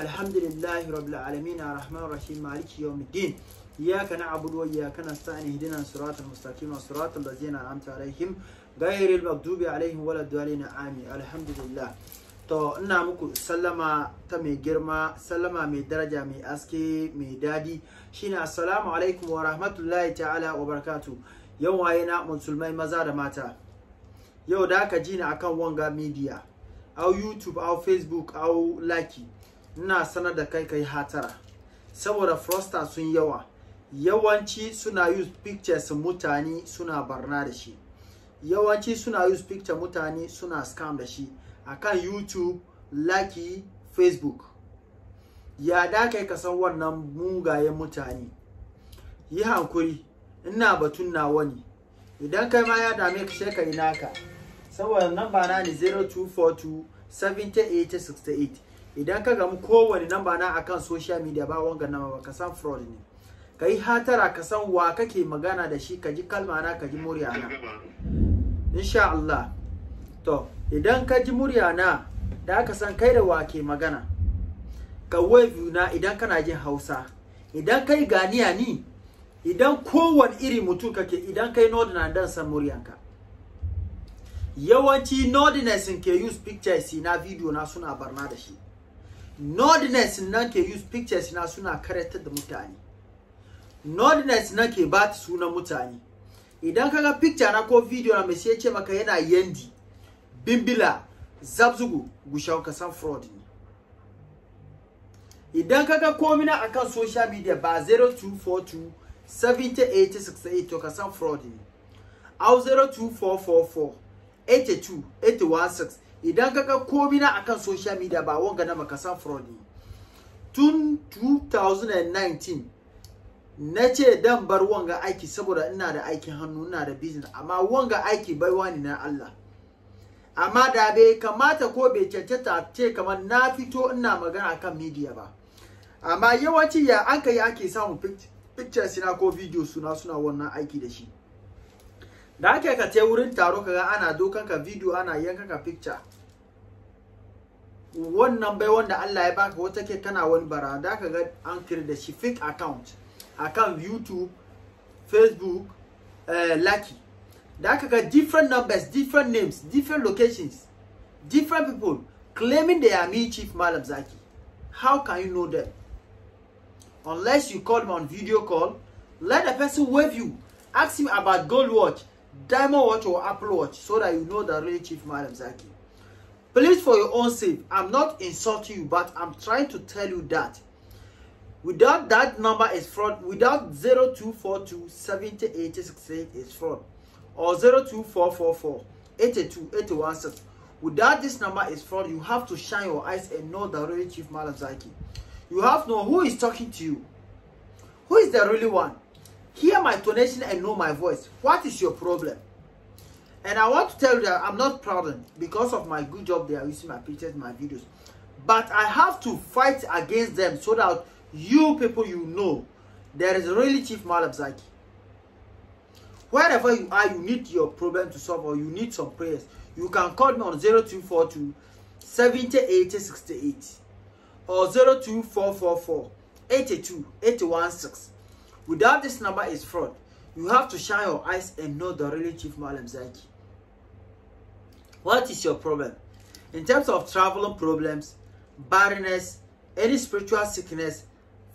alhamdulillahi rabbil alamin arrahmanir rahim maliki yawmiddin iyyaka na'budu wa iyyaka nasta'in الصراط siratal mustaqim الذين أنعمت عليهم غير المغضوب عليهم ولا الضالين آمين الحمد alhamdulillah. to ina muku sallama ta mai girma sallama mai daraja mai aske mai dadi shine assalamu alaikum wa rahmatullahi ta'ala wa barakatu yau waye na musulmai maza da mata yau da aka ji ni akan wanga media au youtube au facebook au laki ina sanar da kai kai hatara saboda frosta sun yawa yawanci suna use pictures mutane suna barna da shi yawanci suna use picture mutane suna scam da shi akan youtube laki facebook ya da kai ka san wannan mugayen mutane yi hankuri ina batun nawa ne idan kai ma ya dame ka sai ka yi naka saboda namba na ne 0242 68. idan ka gamu kowane namba na akan social media ba wanga nama ba ka san fraud ne ka yi hatara ka san wa kake magana da shi ka ji kalma na ka ji murya na insha Allah to idan ka ji murya na da aka san kai da wa ke magana ka wave na idan kana jin Hausa idan kai ganiya ni idan kowane iri mutum kake idan kai northern na dan san ka yawanci northerners ke use pictures na video na suna barna da shi nordness na ke use pictures na suna karatar da mutane nordness na ke ba ta suna mutane idan kaga picture na ko video na mai sai ce maka yana yandi bimbila zabzugu gushau ka san fraud ne idan kaga komina akan social media ba 0242 708068 to ka san fraud ne au eighty 82 816 idan ka ga komi na akan social media ba wanga na san fraud ne tun 2019 na ce dan bar wanga aiki saboda ina da aikin hannu ina da business amma wanga aiki baiwa ne na Allah amma da bai kamata ko bai cancanta ce kamar na fito ina magana akan media ba amma yawanci ya an kai ake samun picture suna ko video suna suna wannan aiki da shi da ake ka te wurin taro kaga ana dokan ka video ana yankan ka picture wannan bai wanda Allah ya baka wata ke kana wani bara da ka ga an da shi fake account account YouTube Facebook uh, Lucky da ka different numbers different names different locations different people claiming they are me chief Malam Zaki how can you know them unless you call them on video call let the person wave you ask him about gold watch Diamond Watch or Apple Watch so that you know the real Chief Madam Zaki. Please, for your own sake, I'm not insulting you, but I'm trying to tell you that without that number is fraud, without 0242 is fraud, or 02444 eighty two eighty one six. Without this number is fraud, you have to shine your eyes and know the real Chief Madam Zaki. You have to know who is talking to you. Who is the really one? hear my tonation and know my voice. What is your problem? And I want to tell you that I'm not proud because of my good job they are using my pictures, my videos. But I have to fight against them so that you people, you know, there is really Chief Malab Zaki. Wherever you are, you need your problem to solve or you need some prayers. You can call me on 0242 7080 or 02444 82 Without this number is fraud. You have to shine your eyes and know the real Chief Malam Zaki. What is your problem? In terms of traveling problems, barrenness, any spiritual sickness,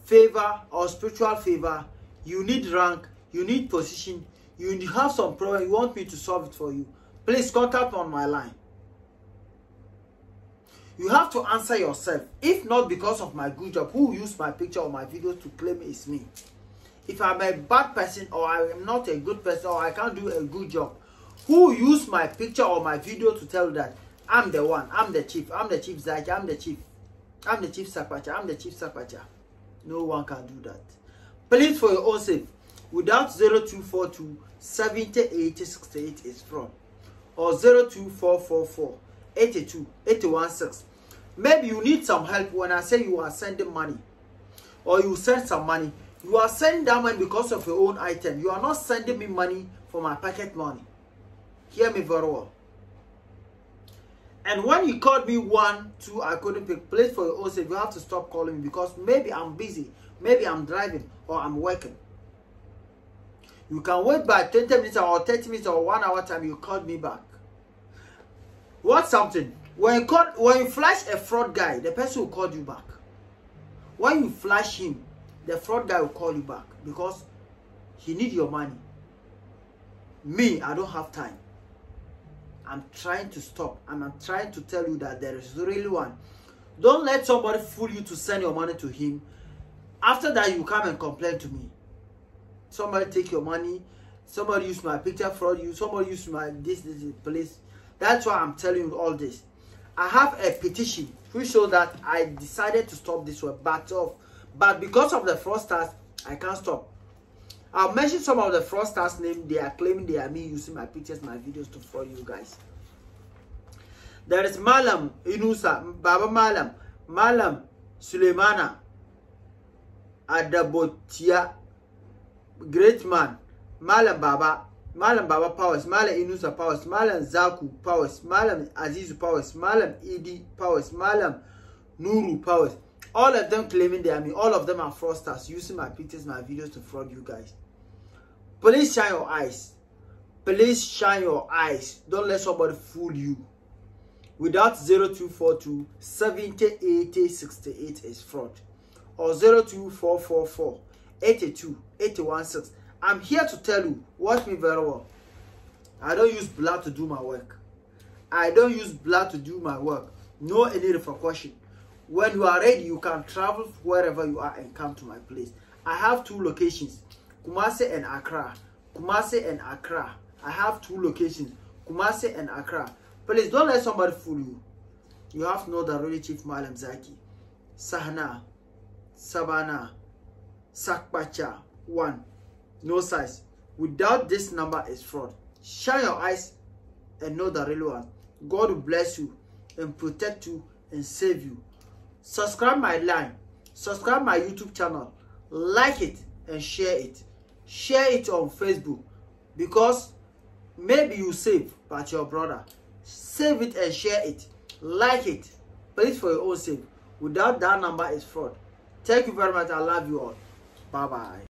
favor or spiritual favor, you need rank, you need position, you have some problem, you want me to solve it for you. Please contact on my line. You have to answer yourself. If not because of my good job, who used my picture or my video to claim it's me? if I'm a bad person or I'm not a good person or I can't do a good job, who use my picture or my video to tell that I'm the one, I'm the chief, I'm the chief Zaki, I'm the chief, I'm the chief Sapacha, I'm the chief Sapacha. No one can do that. Please for your own sake, without 0242 708068 is from, or 02444 82 816. Maybe you need some help when I say you are sending money or you send some money you are sending that money because of your own item. You are not sending me money for my pocket money. Hear me very well. And when you called me one, two, I couldn't pick. Please for your own sake, you have to stop calling me because maybe I'm busy, maybe I'm driving or I'm working. You can wait by 20 minutes or 30 minutes or one hour time, you called me back. What's something? When you, call, when you flash a fraud guy, the person will call you back. When you flash him, the fraud guy will call you back because he need your money. Me, I don't have time. I'm trying to stop. And I'm trying to tell you that there is really one. Don't let somebody fool you to send your money to him. After that, you come and complain to me. Somebody take your money. Somebody use my picture fraud you. Somebody use my this, this, this place. That's why I'm telling you all this. I have a petition which shows that I decided to stop this web battle of but because of the fraudsters, I can't stop. I'll mention some of the fraudsters' name. They are claiming they are me using my pictures, my videos to fraud you guys. There is Malam Inusa, Baba Malam, Malam Suleimana, Adabotia, Great Man, Malam Baba, Malam Baba Powers, Malam Inusa Powers, Malam Zaku Powers, Malam Azizu Powers, Malam Idi Powers, Malam Nuru Powers. All of them claiming they are me. All of them are fraudsters using my pictures, my videos to fraud you guys. Please shine your eyes. Please shine your eyes. Don't let somebody fool you. Without 0242 7080 68 is fraud. Or 02444 82 I'm here to tell you, watch me very well. I don't use blood to do my work. I don't use blood to do my work. No any repercussion when you are ready you can travel wherever you are and come to my place i have two locations Kumase and accra Kumase and accra i have two locations Kumase and accra please don't let somebody fool you you have to know the really chief malam zaki Sahana, sabana sakpacha one no size without this number is fraud shine your eyes and know the real one god will bless you and protect you and save you subscribe my line subscribe my youtube channel like it and share it share it on facebook because maybe you save but your brother save it and share it like it please for your own sake without that number is fraud thank you very much i love you all bye bye